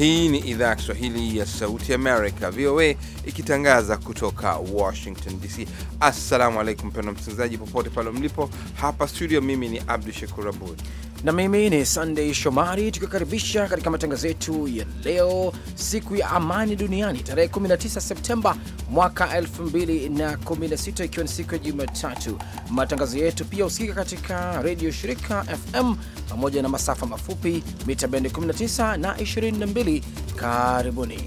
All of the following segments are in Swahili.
Hii ni idhaa ya Kiswahili ya Sauti Amerika, VOA, ikitangaza kutoka Washington DC. Assalamu alaikum mpendwa msikilizaji, popote pale mlipo. Hapa studio, mimi ni Abdu Shakur Abud na mimi ni Sunday Shomari, tukikaribisha katika matangazo yetu ya leo, siku ya amani duniani, tarehe 19 Septemba mwaka 2016, ikiwa ni siku ya Jumatatu. Matangazo yetu pia husikika katika redio shirika FM pamoja na masafa mafupi mita bendi 19 na 22. Karibuni.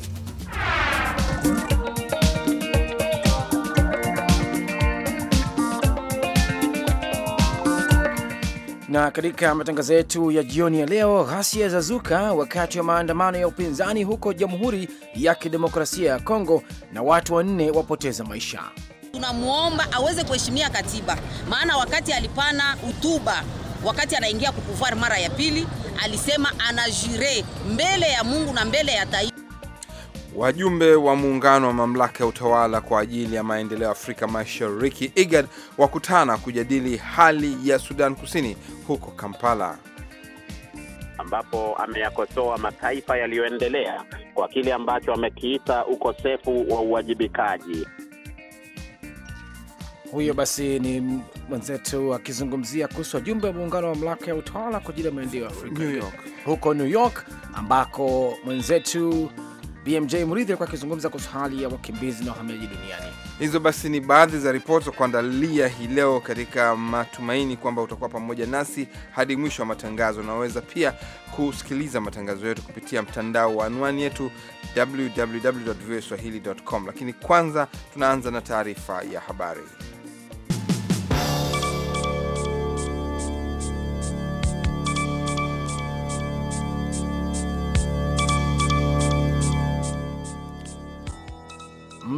Na katika matangazo yetu ya jioni ya leo, ghasia za zuka wakati wa maandamano ya upinzani huko Jamhuri ya Kidemokrasia ya Kongo na watu wanne wapoteza maisha. Tunamwomba aweze kuheshimia katiba, maana wakati alipana utuba, wakati anaingia kupuvar mara ya pili, alisema anajire mbele ya Mungu na mbele ya taifa Wajumbe wa muungano wa mamlaka ya utawala kwa ajili ya maendeleo ya Afrika Mashariki IGAD wakutana kujadili hali ya Sudan Kusini huko Kampala, ambapo ameyakosoa mataifa yaliyoendelea kwa kile ambacho amekiita ukosefu wa uwajibikaji. Huyo basi ni mwenzetu akizungumzia kuhusu wajumbe wa muungano wa mamlaka ya utawala kwa ajili ya maendeleo ya Afrika New York. huko New York ambako mwenzetu BMJ Murithi alikuwa akizungumza kuhusu hali ya wakimbizi na wahamiaji duniani. Hizo basi ni baadhi za ripoti za kuandalia hii leo, katika matumaini kwamba utakuwa pamoja nasi hadi mwisho wa matangazo. Unaweza pia kusikiliza matangazo yetu kupitia mtandao wa anwani yetu www.voaswahili.com, lakini kwanza tunaanza na taarifa ya habari.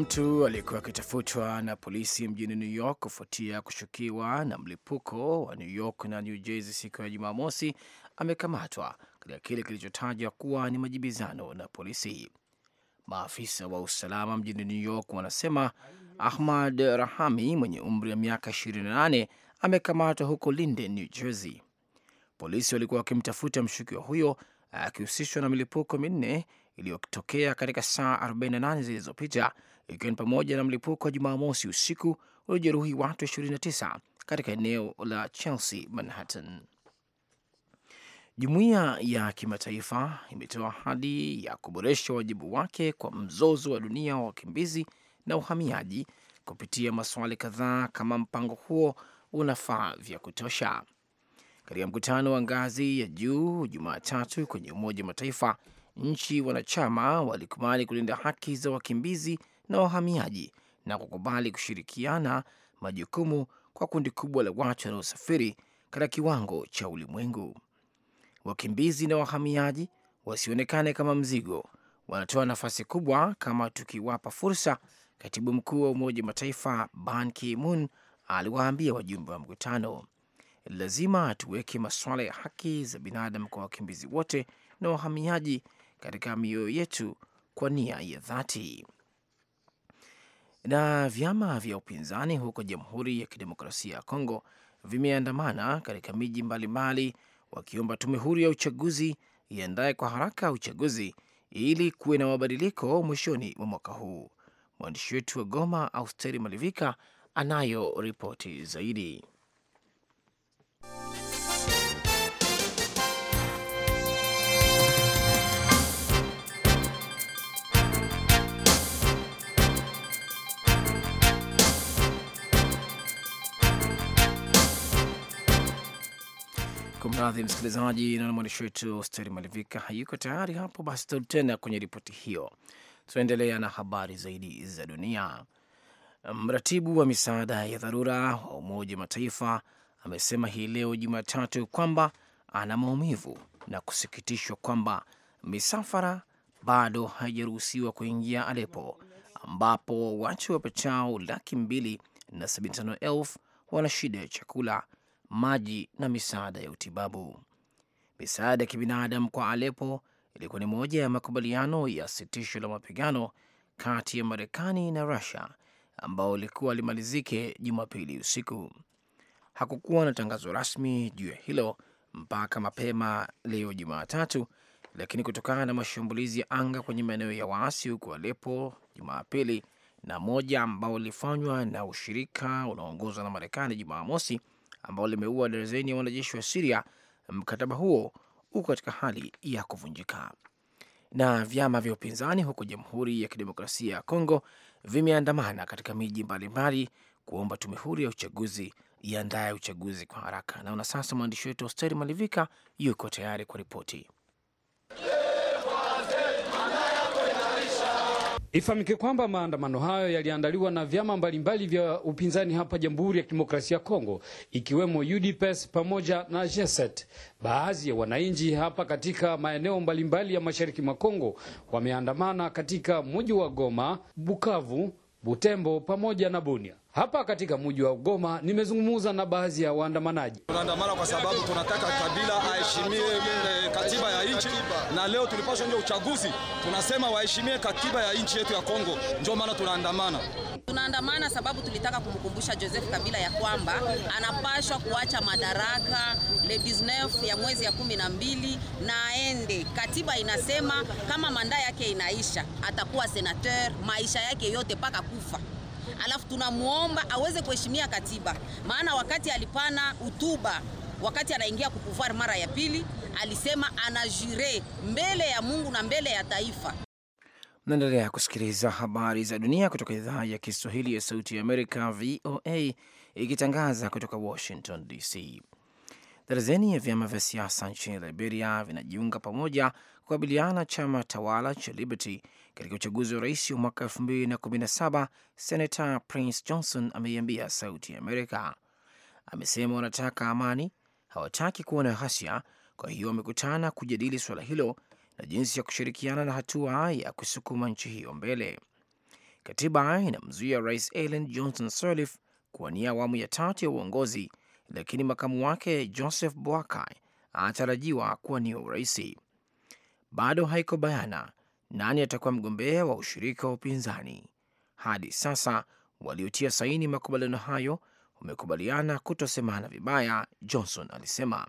mtu aliyekuwa akitafutwa na polisi mjini New York kufuatia kushukiwa na mlipuko wa New York na New Jersey siku ya Jumamosi amekamatwa katika kile kilichotajwa kuwa ni majibizano na polisi. Maafisa wa usalama mjini New York wanasema Ahmad Rahami mwenye umri wa miaka 28 amekamatwa huko Linden, New Jersey. Polisi walikuwa wakimtafuta mshukiwa huyo akihusishwa na milipuko minne iliyotokea katika saa 48 zilizopita ikiwa ni pamoja na mlipuko wa Jumamosi usiku uliojeruhi watu 29 katika eneo la Chelsea, Manhattan. Jumuiya ya kimataifa imetoa ahadi ya kuboresha wajibu wake kwa mzozo wa dunia wa wakimbizi na uhamiaji kupitia maswali kadhaa kama mpango huo unafaa vya kutosha. Katika mkutano wa ngazi ya juu Jumatatu kwenye Umoja wa Mataifa, nchi wanachama walikubali kulinda haki za wakimbizi na wahamiaji na kukubali kushirikiana majukumu kwa kundi kubwa la watu wanaosafiri katika kiwango cha ulimwengu. Wakimbizi na wahamiaji wasionekane kama mzigo, wanatoa nafasi kubwa kama tukiwapa fursa, katibu mkuu wa Umoja wa Mataifa Ban Ki-moon aliwaambia wajumbe wa mkutano. Lazima tuweke masuala ya haki za binadamu kwa wakimbizi wote na wahamiaji katika mioyo yetu kwa nia ya dhati. Na vyama vya upinzani huko Jamhuri ya Kidemokrasia ya Kongo vimeandamana katika miji mbalimbali wakiomba tume huru ya uchaguzi iandaye kwa haraka uchaguzi ili kuwe na mabadiliko mwishoni mwa mwaka huu. Mwandishi wetu wa Goma, Austeri Malivika, anayo ripoti zaidi. Mradhi msikilizaji, naona mwandishi wetu Steri Malivika hayuko tayari hapo. Basi turudi tena kwenye ripoti hiyo, tunaendelea na habari zaidi za dunia. Mratibu wa misaada ya dharura wa Umoja wa Mataifa amesema hii leo Jumatatu kwamba ana maumivu na kusikitishwa kwamba misafara bado haijaruhusiwa kuingia Alepo ambapo watu wapatao laki mbili na sabini na tano elfu wana shida ya chakula maji na misaada ya utibabu. Misaada ya kibinadamu kwa Alepo ilikuwa ni moja ya makubaliano ya sitisho la mapigano kati ya Marekani na Rusia ambao ilikuwa limalizike Jumapili usiku. Hakukuwa na tangazo rasmi juu ya hilo mpaka mapema leo Jumatatu, lakini kutokana na mashambulizi ya anga kwenye maeneo ya waasi huko Alepo Jumapili na moja ambao ulifanywa na ushirika unaoongozwa na Marekani Jumamosi, ambao limeua darzeni ya wanajeshi wa Siria, mkataba huo uko katika hali ya kuvunjika. Na vyama vya upinzani huko Jamhuri ya Kidemokrasia ya Kongo vimeandamana katika miji mbalimbali kuomba tume huru ya uchaguzi iandaye uchaguzi kwa haraka. Naona sasa mwandishi wetu Osteri Malivika yuko tayari kwa ripoti. Ifahamike kwamba maandamano hayo yaliandaliwa na vyama mbalimbali vya upinzani hapa Jamhuri ya Kidemokrasia ya Kongo ikiwemo UDPS pamoja na Jeset. Baadhi ya wananchi hapa katika maeneo mbalimbali ya mashariki mwa Kongo wameandamana katika mji wa Goma, Bukavu, Butembo pamoja na Bunia. Hapa katika mji wa Ugoma nimezungumza na baadhi ya waandamanaji. Tunaandamana kwa sababu tunataka Kabila aheshimie eh, katiba ya nchi, na leo tulipashwa nje uchaguzi, tunasema waheshimie katiba ya nchi yetu ya Kongo. Ndio maana tunaandamana. Tunaandamana sababu tulitaka kumkumbusha Joseph Kabila ya kwamba anapashwa kuacha madaraka le 19 ya mwezi ya kumi na mbili na aende. Katiba inasema kama manda yake inaisha atakuwa senateur maisha yake yote mpaka kufa alafu tunamuomba aweze kuheshimia katiba, maana wakati alipana hutuba wakati anaingia kupuvar mara ya pili alisema anajure mbele ya Mungu na mbele ya taifa. Mnaendelea kusikiliza habari za dunia kutoka idhaa ya Kiswahili ya Sauti ya Amerika, VOA, ikitangaza kutoka Washington DC. Darazeni ya vyama vya siasa nchini Liberia vinajiunga pamoja kukabiliana chama tawala cha Liberty katika uchaguzi wa rais wa mwaka 217 senata Prince Johnson ameiambia Sauti ya Amerika, amesema wanataka amani, hawataki kuona ghasia. Kwa hiyo wamekutana kujadili suala hilo na jinsi ya kushirikiana na hatua ya kusukuma nchi hiyo mbele. Katiba inamzuia rais Ellen Johnson Sirleaf kuwania awamu ya tatu ya uongozi, lakini makamu wake Joseph Boakai anatarajiwa kuwania uraisi. Bado haiko bayana nani atakuwa mgombea wa ushirika wa upinzani. Hadi sasa waliotia saini makubaliano hayo wamekubaliana kutosemana vibaya, Johnson alisema.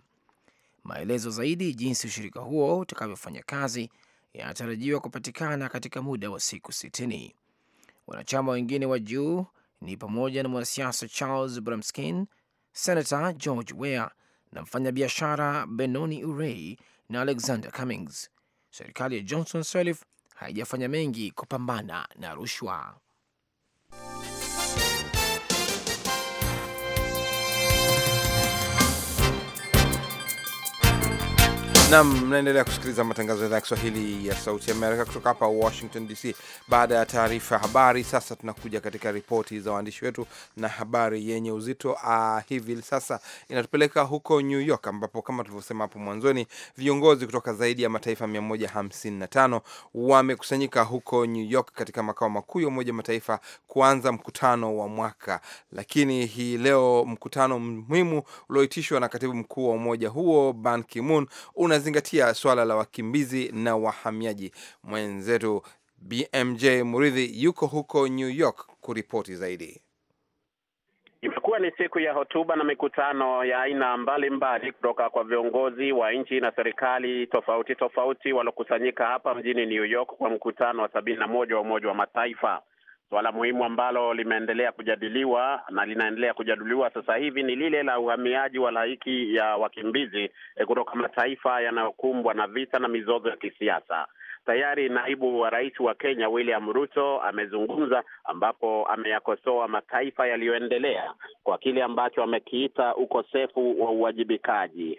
Maelezo zaidi jinsi ushirika huo utakavyofanya kazi yanatarajiwa kupatikana katika muda wa siku sitini. Wanachama wengine wa juu ni pamoja na mwanasiasa Charles Bramskin, senata George Weah na mfanyabiashara Benoni Urey na Alexander Cummings serikali ya Johnson Sirleaf haijafanya mengi kupambana na rushwa. Nam, mnaendelea kusikiliza matangazo ya idhaa ya Kiswahili ya Sauti Amerika kutoka hapa Washington DC. Baada ya taarifa ya habari, sasa tunakuja katika ripoti za waandishi wetu na habari yenye uzito uh, hivi sasa inatupeleka huko New York ambapo kama tulivyosema hapo mwanzoni, viongozi kutoka zaidi ya mataifa 155 wamekusanyika huko New York katika makao makuu ya Umoja Mataifa kuanza mkutano wa mwaka, lakini hii leo mkutano muhimu ulioitishwa na katibu mkuu wa umoja huo Ban Ki-moon una unazingatia swala la wakimbizi na wahamiaji. Mwenzetu BMJ Muridhi yuko huko New York kuripoti zaidi. Imekuwa ni siku ya hotuba na mikutano ya aina mbalimbali kutoka kwa viongozi wa nchi na serikali tofauti tofauti waliokusanyika hapa mjini New York kwa mkutano wa sabini na moja wa Umoja wa Mataifa. Swala muhimu ambalo limeendelea kujadiliwa na linaendelea kujadiliwa sasa hivi ni lile la uhamiaji wa laiki ya wakimbizi eh, kutoka mataifa yanayokumbwa na vita na mizozo ya kisiasa. Tayari naibu wa rais wa Kenya William Ruto amezungumza, ambapo ameyakosoa mataifa yaliyoendelea kwa kile ambacho amekiita ukosefu wa uwajibikaji.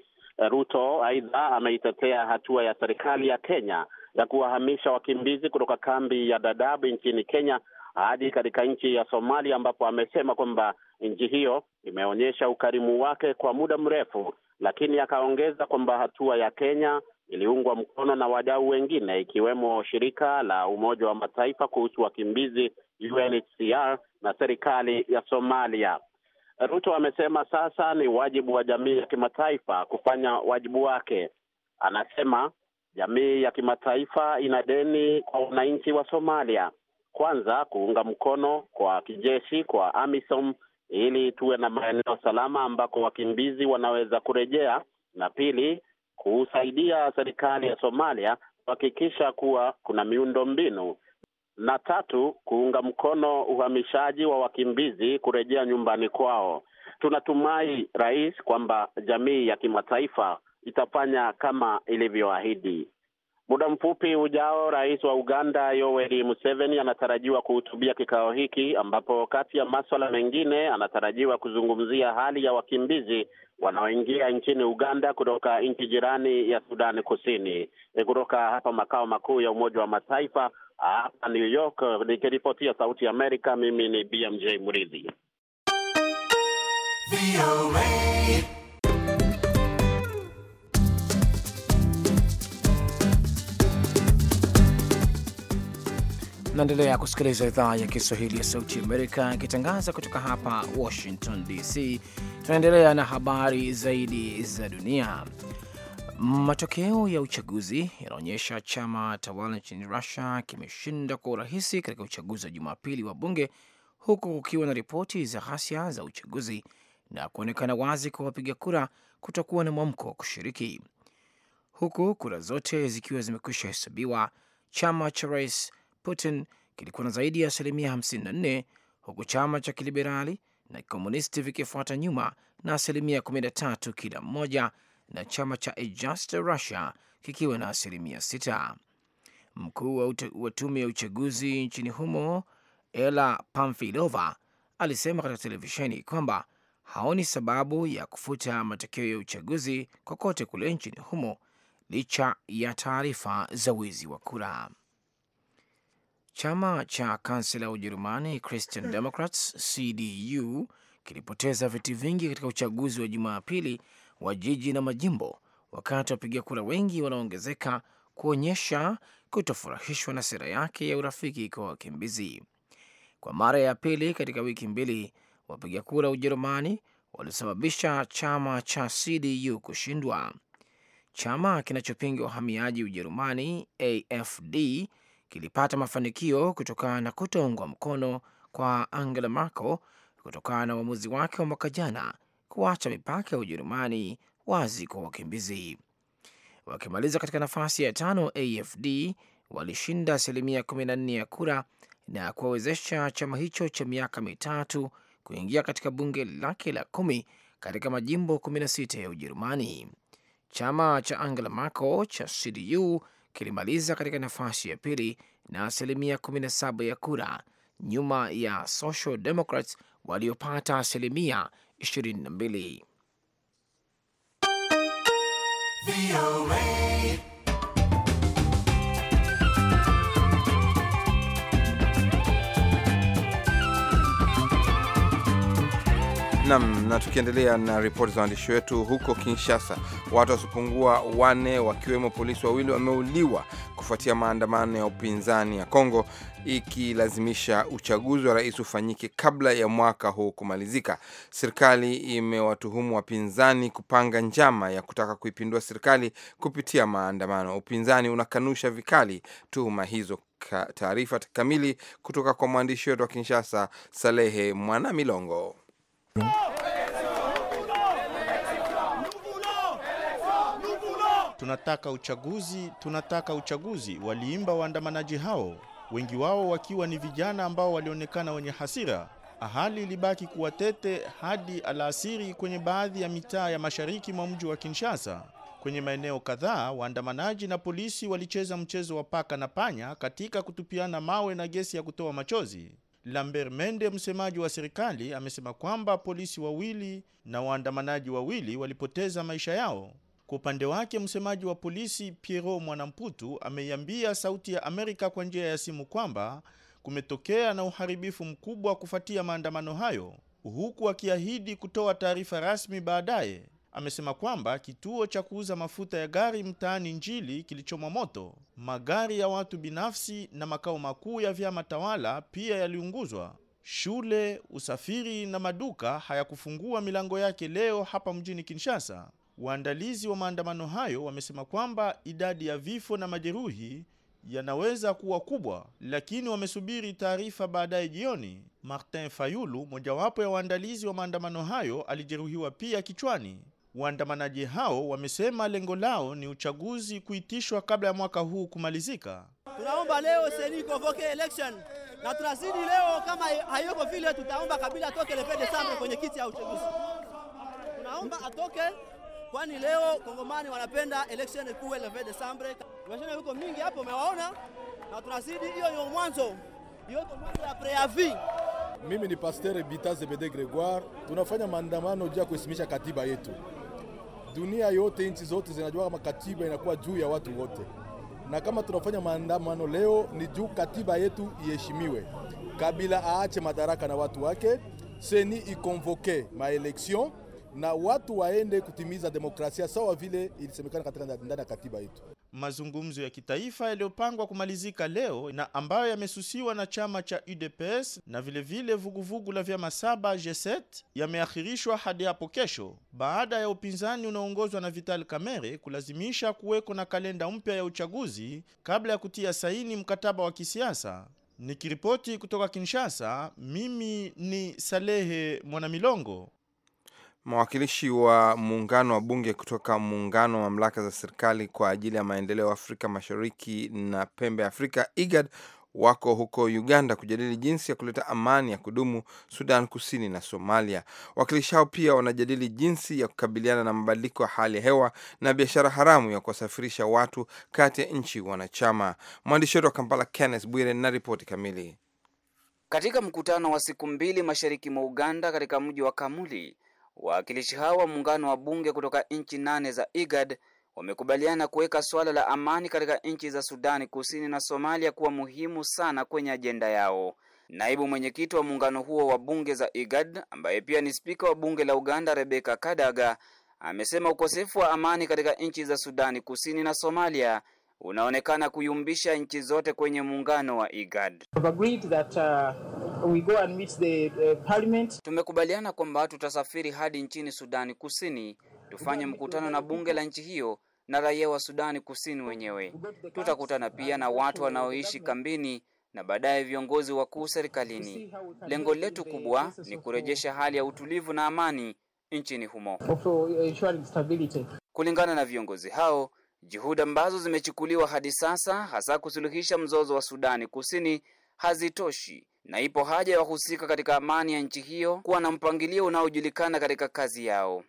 Ruto aidha ameitetea hatua ya serikali ya Kenya ya kuwahamisha wakimbizi kutoka kambi ya Dadaab nchini Kenya hadi katika nchi ya Somalia ambapo amesema kwamba nchi hiyo imeonyesha ukarimu wake kwa muda mrefu, lakini akaongeza kwamba hatua ya Kenya iliungwa mkono na wadau wengine ikiwemo shirika la Umoja wa Mataifa kuhusu wakimbizi UNHCR na serikali ya Somalia. Ruto amesema sasa ni wajibu wa jamii ya kimataifa kufanya wajibu wake. Anasema jamii ya kimataifa ina deni kwa wananchi wa Somalia kwanza kuunga mkono kwa kijeshi kwa AMISOM ili tuwe na maeneo salama ambako wakimbizi wanaweza kurejea, na pili kusaidia serikali ya Somalia kuhakikisha kuwa kuna miundo mbinu, na tatu kuunga mkono uhamishaji wa wakimbizi kurejea nyumbani kwao. Tunatumai Rais, kwamba jamii ya kimataifa itafanya kama ilivyoahidi. Muda mfupi ujao, rais wa Uganda Yoweri Museveni anatarajiwa kuhutubia kikao hiki, ambapo kati ya maswala mengine anatarajiwa kuzungumzia hali ya wakimbizi wanaoingia nchini Uganda kutoka nchi jirani ya Sudani Kusini. E, kutoka hapa makao makuu ya Umoja wa Mataifa hapa New York, nikiripotia Sauti ya Amerika, mimi ni BMJ Mridhi. Naendelea kusikiliza idhaa ya Kiswahili ya Sauti Amerika ikitangaza kutoka hapa Washington DC. Tunaendelea na habari zaidi za dunia. Matokeo ya uchaguzi yanaonyesha chama tawala nchini Rusia kimeshinda kwa urahisi katika uchaguzi wa Jumapili wa bunge, huku kukiwa na ripoti za ghasia za uchaguzi na kuonekana wazi kwa wapiga kura kutokuwa na mwamko wa kushiriki, huku kura zote zikiwa zimekwisha hesabiwa. Chama cha rais Putin kilikuwa na zaidi ya asilimia 54 huku chama cha kiliberali na kikomunisti vikifuata nyuma na asilimia 13 kila mmoja na chama cha Just Russia kikiwa na asilimia 6. Mkuu wa tume ya uchaguzi nchini humo Ela Pamfilova alisema katika televisheni kwamba haoni sababu ya kufuta matokeo ya uchaguzi kokote kule nchini humo licha ya taarifa za wizi wa kura. Chama cha kansela wa Ujerumani Christian hmm. Democrats CDU kilipoteza viti vingi katika uchaguzi wa Jumapili wa jiji na majimbo, wakati wapiga kura wengi wanaongezeka kuonyesha kutofurahishwa na sera yake ya urafiki kwa wakimbizi. Kwa mara ya pili katika wiki mbili, wapiga kura Ujerumani walisababisha chama cha CDU kushindwa. Chama kinachopinga uhamiaji Ujerumani AFD kilipata mafanikio kutokana na kutoungwa mkono kwa Angela Merkel kutokana na uamuzi wake wa mwaka jana kuacha mipaka ya Ujerumani wazi kwa wakimbizi. Wakimaliza katika nafasi ya tano, AfD walishinda asilimia 14 ya kura na kuwawezesha chama hicho cha miaka mitatu kuingia katika bunge lake la kumi katika majimbo 16 ya Ujerumani. Chama cha Angela Merkel cha CDU kilimaliza katika nafasi ya pili na asilimia 17 ya kura, nyuma ya Social Democrats waliopata asilimia 22. Nam, na tukiendelea na ripoti za waandishi wetu huko Kinshasa, watu wasiopungua wane wakiwemo polisi wawili wameuliwa kufuatia maandamano ya upinzani ya Kongo ikilazimisha uchaguzi wa rais ufanyike kabla ya mwaka huu kumalizika. Serikali imewatuhumu wapinzani kupanga njama ya kutaka kuipindua serikali kupitia maandamano. Upinzani unakanusha vikali tuhuma hizo. Taarifa kamili kutoka kwa mwandishi wetu wa Kinshasa, Salehe mwanamilongo Tunataka uchaguzi, tunataka uchaguzi, waliimba waandamanaji hao, wengi wao wakiwa ni vijana ambao walionekana wenye hasira. Hali ilibaki kuwa tete hadi alasiri kwenye baadhi ya mitaa ya mashariki mwa mji wa Kinshasa. Kwenye maeneo kadhaa, waandamanaji na polisi walicheza mchezo wa paka na panya katika kutupiana mawe na gesi ya kutoa machozi. Lambert Mende, msemaji wa serikali, amesema kwamba polisi wawili na waandamanaji wawili walipoteza maisha yao. Kwa upande wake, msemaji wa polisi Piero Mwanamputu ameiambia Sauti ya Amerika kwa njia ya simu kwamba kumetokea na uharibifu mkubwa kufuatia maandamano hayo, huku akiahidi kutoa taarifa rasmi baadaye amesema kwamba kituo cha kuuza mafuta ya gari mtaani Njili kilichomwa moto, magari ya watu binafsi na makao makuu ya vyama tawala pia yaliunguzwa. Shule, usafiri na maduka hayakufungua milango yake leo hapa mjini Kinshasa. Waandalizi wa maandamano hayo wamesema kwamba idadi ya vifo na majeruhi yanaweza kuwa kubwa, lakini wamesubiri taarifa baadaye jioni. Martin Fayulu, mojawapo ya waandalizi wa maandamano hayo, alijeruhiwa pia kichwani. Waandamanaji hao wamesema lengo lao ni uchaguzi kuitishwa kabla ya mwaka huu kumalizika. Tunaomba leo seni convoke election na tunazidi leo, kama hayoko vile, tutaomba Kabila atoke lepede sana kwenye kiti ya uchaguzi. Tunaomba atoke kwani leo Kongomani wanapenda election kuwe le 20 Desembre. Mashine yuko mingi hapo umewaona, na tunazidi hiyo hiyo mwanzo hiyo mwanzo ya preavi. Mimi ni Pasteur Bita Zebede Gregoire, tunafanya maandamano juu ya kuheshimisha katiba yetu dunia yote, nchi zote zinajua kama katiba inakuwa juu ya watu wote, na kama tunafanya maandamano leo ni juu katiba yetu iheshimiwe. Kabila aache madaraka na watu wake, seni ikonvoke maeleksion na watu waende kutimiza demokrasia sawa vile ilisemekana katika ndani ya katiba yetu mazungumzo ya kitaifa yaliyopangwa kumalizika leo na ambayo yamesusiwa na chama cha UDPS na vilevile vuguvugu la vyama saba G7 yameahirishwa hadi hapo kesho, baada ya upinzani unaoongozwa na Vital Kamerhe kulazimisha kuweko na kalenda mpya ya uchaguzi kabla ya kutia saini mkataba wa kisiasa. Nikiripoti kutoka Kinshasa, mimi ni Salehe Mwanamilongo. Mawakilishi wa muungano wa bunge kutoka muungano wa mamlaka za serikali kwa ajili ya maendeleo Afrika Mashariki na pembe ya Afrika IGAD wako huko Uganda kujadili jinsi ya kuleta amani ya kudumu Sudan Kusini na Somalia. Wawakilishi hao pia wanajadili jinsi ya kukabiliana na mabadiliko ya hali ya hewa na biashara haramu ya kuwasafirisha watu kati ya nchi wanachama. Mwandishi wetu wa Kampala, Kenneth Bwire, na ripoti kamili. Katika mkutano wa siku mbili mashariki mwa Uganda katika mji wa Kamuli, Wawakilishi hao wa muungano wa bunge kutoka nchi nane za IGAD wamekubaliana kuweka suala la amani katika nchi za Sudani Kusini na Somalia kuwa muhimu sana kwenye ajenda yao. Naibu mwenyekiti wa muungano huo wa bunge za IGAD ambaye pia ni spika wa bunge la Uganda Rebecca Kadaga amesema ukosefu wa amani katika nchi za Sudani Kusini na Somalia unaonekana kuyumbisha nchi zote kwenye muungano wa IGAD. agreed that, uh we go and meet the uh, parliament. Tumekubaliana kwamba tutasafiri hadi nchini Sudani Kusini tufanye mkutano na bunge la nchi hiyo na raia wa Sudani Kusini wenyewe. Tutakutana pia na watu wanaoishi kambini na baadaye viongozi wakuu serikalini. Lengo letu kubwa ni kurejesha hali ya utulivu na amani nchini humo. Uh, Kulingana na viongozi hao, juhudi ambazo zimechukuliwa hadi sasa, hasa kusuluhisha mzozo wa Sudani Kusini, hazitoshi na ipo haja ya wahusika katika amani ya nchi hiyo kuwa na mpangilio unaojulikana katika kazi yao.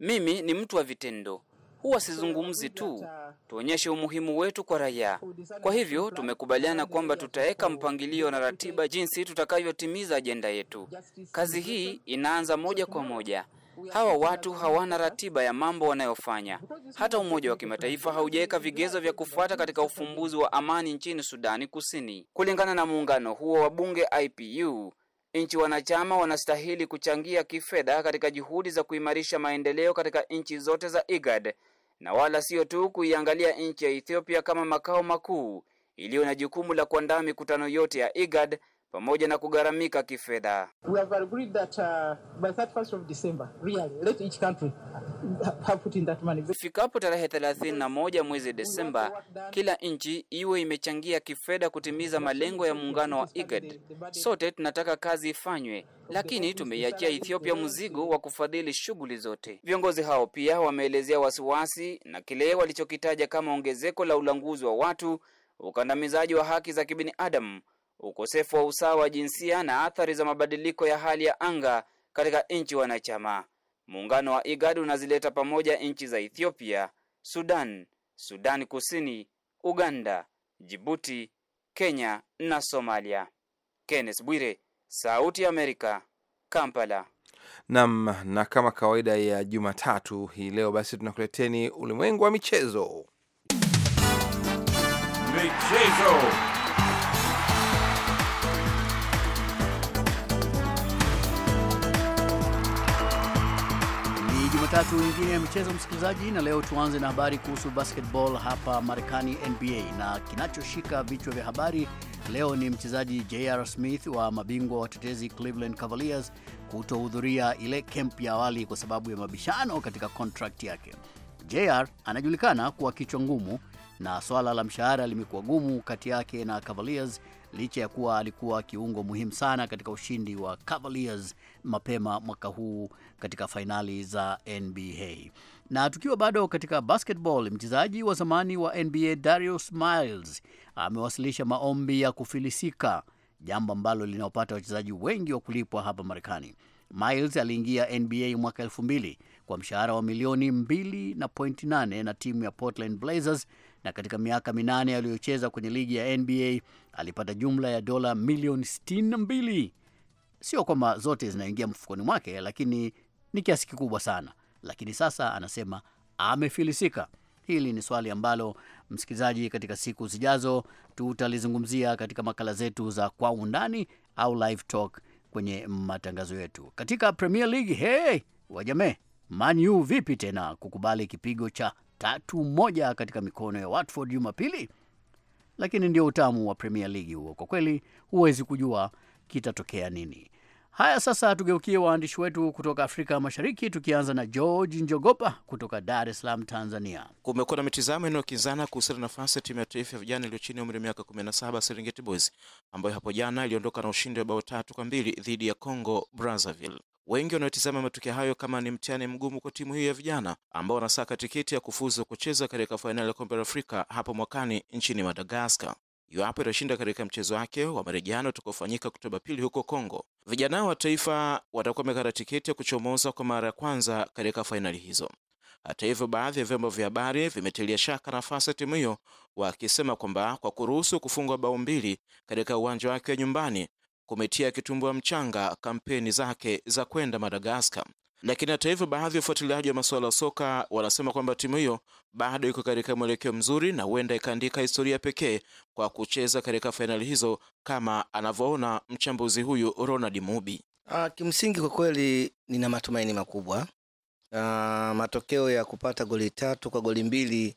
Mimi ni mtu wa vitendo, huwa sizungumzi tu, uh, tuonyeshe umuhimu wetu kwa raia. Oh, kwa hivyo tumekubaliana kwamba tutaweka mpangilio na ratiba jinsi tutakavyotimiza ajenda yetu. Kazi hii inaanza moja kwa moja. Hawa watu hawana ratiba ya mambo wanayofanya. Hata Umoja wa Kimataifa haujaweka vigezo vya kufuata katika ufumbuzi wa amani nchini Sudani Kusini. Kulingana na muungano huo wa bunge IPU, nchi wanachama wanastahili kuchangia kifedha katika juhudi za kuimarisha maendeleo katika nchi zote za IGAD na wala sio tu kuiangalia nchi ya Ethiopia kama makao makuu iliyo na jukumu la kuandaa mikutano yote ya IGAD pamoja na kugharamika kifedha. We have agreed that uh, by 31st of December really let each country have put in that money. Ifikapo tarehe thelathini na moja mwezi Desemba, kila nchi iwe imechangia kifedha kutimiza malengo ya muungano wa IGAD. E Sote tunataka kazi ifanywe, lakini tumeiachia Ethiopia mzigo wa kufadhili shughuli zote. Viongozi hao pia wameelezea wasiwasi na kile walichokitaja kama ongezeko la ulanguzi wa watu, ukandamizaji wa haki za kibinadamu ukosefu wa usawa wa jinsia na athari za mabadiliko ya hali ya anga katika nchi wanachama. Muungano wa IGAD unazileta pamoja nchi za Ethiopia, Sudan, Sudan Kusini, Uganda, jibuti Kenya na Somalia. Kenneth Bwire, Sauti ya Amerika, Kampala. Nam, na kama kawaida ya Jumatatu hii leo basi tunakuleteni ulimwengu wa michezo. Michezo. tatu wengine ya michezo msikilizaji, na leo tuanze na habari kuhusu basketball hapa Marekani, NBA, na kinachoshika vichwa vya habari leo ni mchezaji JR Smith wa mabingwa watetezi Cleveland Cavaliers kutohudhuria ile camp ya awali kwa sababu ya mabishano katika contract yake. JR anajulikana kuwa kichwa ngumu na swala la mshahara limekuwa gumu kati yake na Cavaliers licha ya kuwa alikuwa kiungo muhimu sana katika ushindi wa Cavaliers mapema mwaka huu katika fainali za NBA. Na tukiwa bado katika basketball, mchezaji wa zamani wa NBA Darius Miles amewasilisha maombi ya kufilisika, jambo ambalo linaopata wachezaji wengi wa kulipwa hapa Marekani. Miles aliingia NBA mwaka 2000 kwa mshahara wa milioni 2.8 na timu ya Portland Blazers na katika miaka minane aliyocheza kwenye ligi ya NBA alipata jumla ya dola milioni 62. Sio kwamba zote zinaingia mfukoni mwake, lakini ni kiasi kikubwa sana. Lakini sasa anasema amefilisika. Hili ni swali ambalo msikilizaji, katika siku zijazo tutalizungumzia katika makala zetu za Kwa Undani au Live Talk kwenye matangazo yetu. Katika Premier League, hey wajamee, Man U vipi tena kukubali kipigo cha tatu moja katika mikono ya Watford Jumapili. Lakini ndio utamu wa Premier League huo, kwa kweli huwezi kujua kitatokea nini. Haya, sasa tugeukie waandishi wetu kutoka Afrika Mashariki, tukianza na George Njogopa kutoka Dar es Salaam, Tanzania. Kumekuwa na mitizamo inayokinzana kuhusiana nafasi ya timu ya taifa ya vijana iliyo chini ya umri wa miaka kumi na saba Serengeti Boys, ambayo hapo jana iliondoka na ushindi wa bao tatu kwa mbili dhidi ya Congo Brazzaville. Wengi wanaotizama matukio hayo kama ni mtihani mgumu kwa timu hiyo ya vijana ambao wanasaka tiketi ya kufuzu kucheza katika fainali ya kombe la Afrika hapo mwakani nchini Madagaskar iwapo itashinda katika mchezo wake wa marejano utakaofanyika Oktoba pili huko Kongo. Vijana wa taifa watakuwa wamekata tiketi ya kuchomoza kwa mara ya kwanza katika fainali hizo. Hata hivyo, baadhi ya vyombo vya habari vimetilia shaka nafasi ya timu hiyo, wakisema kwamba kwa kuruhusu kufungwa bao mbili katika uwanja wake wa nyumbani kumetia kitumbua mchanga kampeni zake za kwenda Madagaskar. Lakini hata hivyo, baadhi ya wafuatiliaji wa masuala ya soka wanasema kwamba timu hiyo bado iko katika mwelekeo mzuri na huenda ikaandika historia pekee kwa kucheza katika fainali hizo, kama anavyoona mchambuzi huyu Ronald Mubi. Uh, kimsingi kwa kweli nina matumaini makubwa. uh, matokeo ya kupata goli tatu kwa goli mbili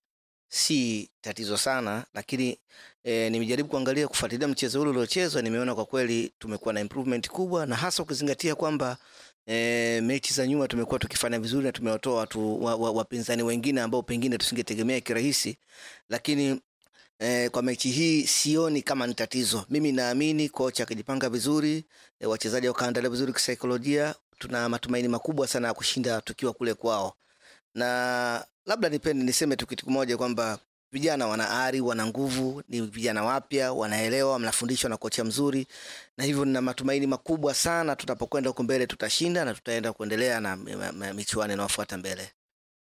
si tatizo sana, lakini e, nimejaribu kuangalia kufuatilia mchezo ule uliochezwa, nimeona kwa kweli tumekuwa na improvement kubwa, na hasa ukizingatia kwamba E, mechi za nyuma tumekuwa tukifanya vizuri na tumewatoa watu wapinzani wa, wa wengine ambao pengine tusingetegemea kirahisi, lakini e, kwa mechi hii sioni kama ni tatizo. Mimi naamini kocha akijipanga vizuri e, wachezaji wakaandalia vizuri kisaikolojia, tuna matumaini makubwa sana ya kushinda tukiwa kule kwao, na labda nipende niseme tu kitu kimoja kwamba Vijana wana ari, wana nguvu, ni vijana wapya, wanaelewa, mnafundishwa na kocha mzuri, na hivyo nina matumaini makubwa sana, tutapokwenda huko mbele tutashinda na tutaenda kuendelea na michuano inayofuata mbele.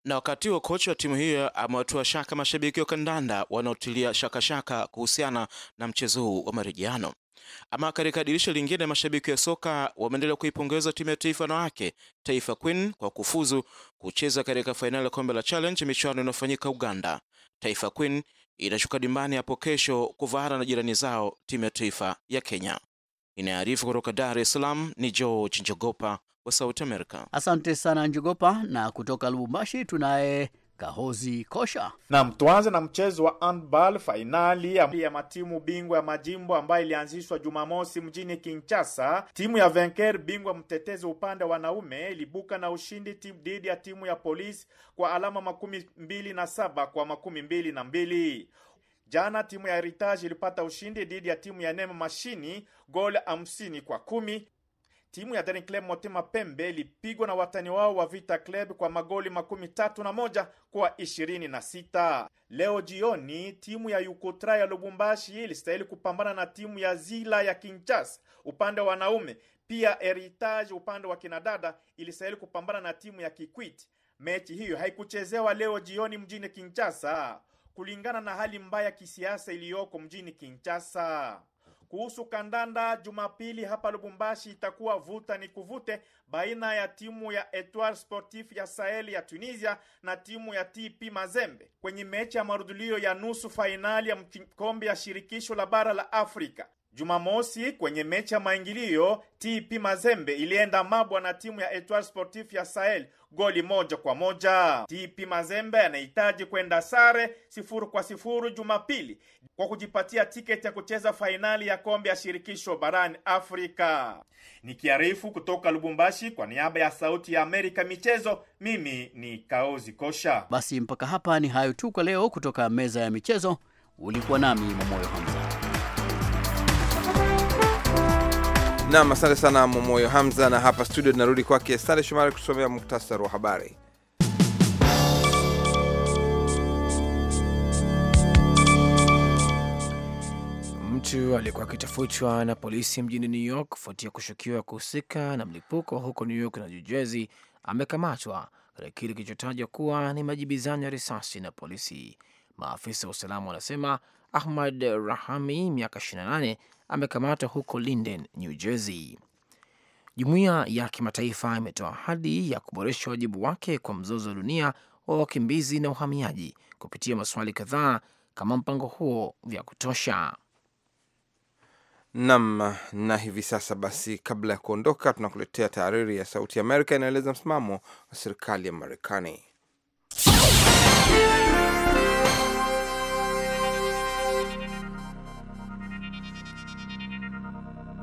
Na wakati huo kocha wa timu hiyo amewatua shaka mashabiki wa kandanda wanaotilia shakashaka kuhusiana na mchezo huu wa marejiano. Ama katika dirisha lingine, mashabiki wa soka wameendelea kuipongeza timu ya taifa wanawake Taifa Queen kwa kufuzu kucheza katika fainali ya kombe la Challenge, michuano inayofanyika Uganda. Taifa Queen inashuka dimbani hapo kesho kuvaana na jirani zao timu ya taifa ya Kenya. Inaarifu kutoka Dar es Salaam ni George Njogopa wa South America. Asante sana Njogopa, na kutoka Lubumbashi tunaye Kahozi Kosha. Nam, tuanze na mchezo wa handball fainali ya matimu bingwa ya majimbo ambayo ilianzishwa Jumamosi mjini Kinshasa. Timu ya Venker bingwa mtetezi upande wa wanaume ilibuka na ushindi dhidi ya timu ya polisi kwa alama makumi mbili na saba kwa makumi mbili na mbili. Jana timu ya Heritage ilipata ushindi dhidi ya timu ya Nema Mashini goli hamsini kwa kumi timu ya Daring Club Motema Pembe ilipigwa na watani wao wa Vita Club kwa magoli makumi tatu na moja kwa ishirini na sita. Leo jioni timu ya Yukutra ya Lubumbashi ilistahili kupambana na timu ya Zila ya Kinchas upande wa wanaume, pia Heritage upande wa kinadada ilistahili kupambana na timu ya Kikwit. Mechi hiyo haikuchezewa leo jioni mjini kinchasa kulingana na hali mbaya kisiasa iliyoko mjini kinchasa kuhusu kandanda, Jumapili hapa Lubumbashi itakuwa vuta ni kuvute baina ya timu ya Etoile Sportif ya Sahel ya Tunisia na timu ya TP Mazembe kwenye mechi ya marudulio ya nusu fainali ya kombe ya shirikisho la bara la Afrika. Jumamosi kwenye mechi ya maingilio, TP Mazembe ilienda mabwa na timu ya Etoile Sportif ya Sahel goli moja kwa moja. TP Mazembe anahitaji kwenda sare sifuru kwa sifuru Jumapili kwa kujipatia tiketi ya kucheza fainali ya kombe ya shirikisho barani Afrika. Nikiarifu kutoka Lubumbashi kwa niaba ya Sauti ya Amerika michezo, mimi ni Kaozi Kosha. Basi mpaka hapa ni hayo tu kwa leo, kutoka meza ya michezo. Ulikuwa nami Mamoyo Hamza. Nam, asante sana Momoyo Hamza. Na hapa studio tunarudi kwake Sande Shomari kusomea muktasari wa habari. Mtu aliyekuwa akitafutwa na polisi mjini New York kufuatia kushukiwa kuhusika na mlipuko huko New York na New Jersey amekamatwa katika kile kilichotajwa kuwa ni majibizano ya risasi na polisi. Maafisa wa usalama wanasema Ahmad Rahami, miaka 28 amekamatwa huko Linden, New Jersey. Jumuiya ya kimataifa imetoa ahadi ya kuboresha wajibu wake kwa mzozo wa dunia wa wakimbizi na uhamiaji kupitia maswali kadhaa kama mpango huo vya kutosha. Nam na hivi sasa basi, kabla ya kuondoka, tunakuletea tahariri ya Sauti Amerika inaeleza msimamo wa serikali ya Marekani.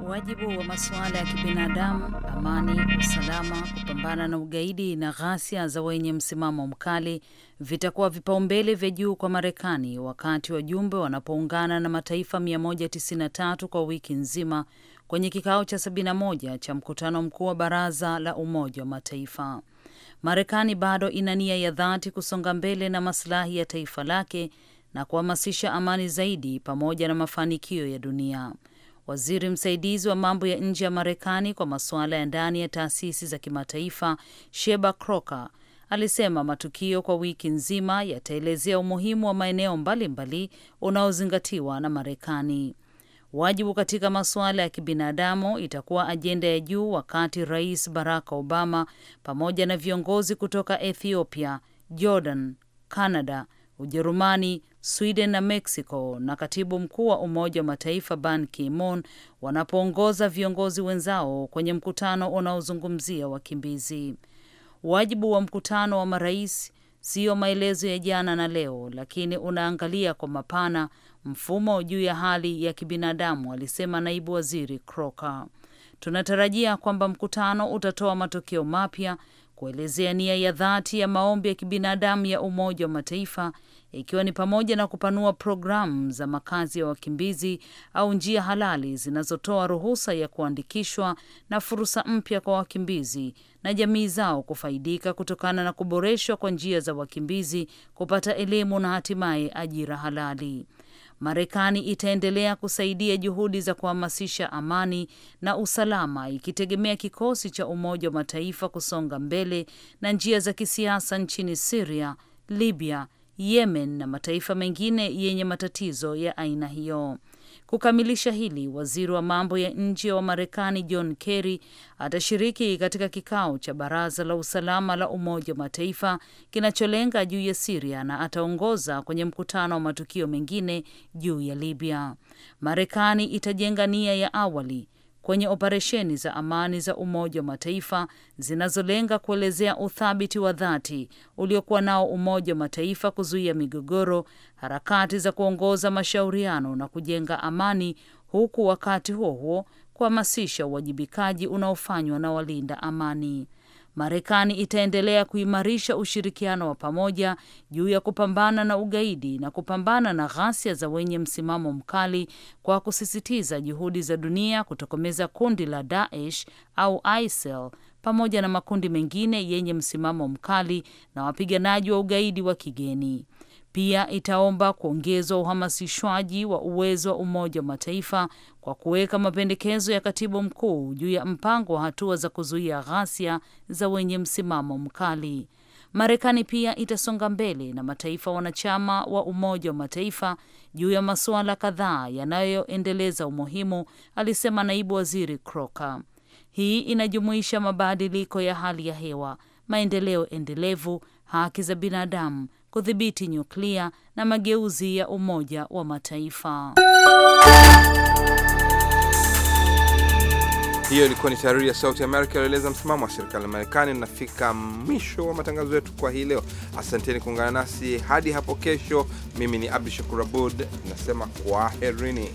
wajibu wa masuala ya kibinadamu, amani, usalama, kupambana na ugaidi na ghasia za wenye msimamo mkali vitakuwa vipaumbele vya juu kwa Marekani wakati wajumbe wanapoungana na mataifa 193 kwa wiki nzima kwenye kikao cha 71 cha mkutano mkuu wa Baraza la Umoja wa Mataifa. Marekani bado ina nia ya dhati kusonga mbele na masilahi ya taifa lake na kuhamasisha amani zaidi pamoja na mafanikio ya dunia. Waziri msaidizi wa mambo ya nje ya Marekani kwa masuala ya ndani ya taasisi za kimataifa Sheba Crocker alisema matukio kwa wiki nzima yataelezea umuhimu wa maeneo mbalimbali unaozingatiwa na Marekani. Wajibu katika masuala ya kibinadamu itakuwa ajenda ya juu wakati Rais Barack Obama pamoja na viongozi kutoka Ethiopia, Jordan, Canada, Ujerumani, Sweden na Mexico na katibu mkuu wa Umoja wa Mataifa Ban Ki-moon wanapoongoza viongozi wenzao kwenye mkutano unaozungumzia wakimbizi. Wajibu wa mkutano wa marais siyo maelezo ya jana na leo, lakini unaangalia kwa mapana mfumo juu ya hali ya kibinadamu, alisema naibu waziri croker Tunatarajia kwamba mkutano utatoa matokeo mapya kuelezea nia ya dhati ya maombi ya kibinadamu ya Umoja wa Mataifa ikiwa ni pamoja na kupanua programu za makazi ya wakimbizi au njia halali zinazotoa ruhusa ya kuandikishwa na fursa mpya kwa wakimbizi na jamii zao kufaidika kutokana na kuboreshwa kwa njia za wakimbizi kupata elimu na hatimaye ajira halali. Marekani itaendelea kusaidia juhudi za kuhamasisha amani na usalama ikitegemea kikosi cha Umoja wa Mataifa kusonga mbele na njia za kisiasa nchini siria Libya Yemen na mataifa mengine yenye matatizo ya aina hiyo. Kukamilisha hili, waziri wa mambo ya nje wa Marekani John Kerry atashiriki katika kikao cha Baraza la Usalama la Umoja wa Mataifa kinacholenga juu ya Siria na ataongoza kwenye mkutano wa matukio mengine juu ya Libya. Marekani itajenga nia ya awali kwenye operesheni za amani za Umoja wa Mataifa zinazolenga kuelezea uthabiti wa dhati uliokuwa nao Umoja wa Mataifa kuzuia migogoro, harakati za kuongoza mashauriano na kujenga amani, huku wakati huo huo kuhamasisha uwajibikaji unaofanywa na walinda amani. Marekani itaendelea kuimarisha ushirikiano wa pamoja juu ya kupambana na ugaidi na kupambana na ghasia za wenye msimamo mkali kwa kusisitiza juhudi za dunia kutokomeza kundi la Daesh au ISIL pamoja na makundi mengine yenye msimamo mkali na wapiganaji wa ugaidi wa kigeni. Pia itaomba kuongezwa uhamasishwaji wa uwezo wa Umoja wa Mataifa kwa kuweka mapendekezo ya katibu mkuu juu ya mpango wa hatua za kuzuia ghasia za wenye msimamo mkali. Marekani pia itasonga mbele na mataifa wanachama wa Umoja wa Mataifa juu ya masuala kadhaa yanayoendeleza umuhimu, alisema naibu waziri Crocker. Hii inajumuisha mabadiliko ya hali ya hewa, maendeleo endelevu, haki za binadamu kudhibiti nyuklia na mageuzi ya Umoja wa Mataifa. Hiyo ilikuwa ni tahariri ya Sauti Amerika alioeleza msimamo wa serikali ya Marekani. Nafika mwisho wa matangazo yetu kwa hii leo. Asanteni kuungana nasi hadi hapo kesho. Mimi ni Abdu Shakur Abud nasema kwaherini.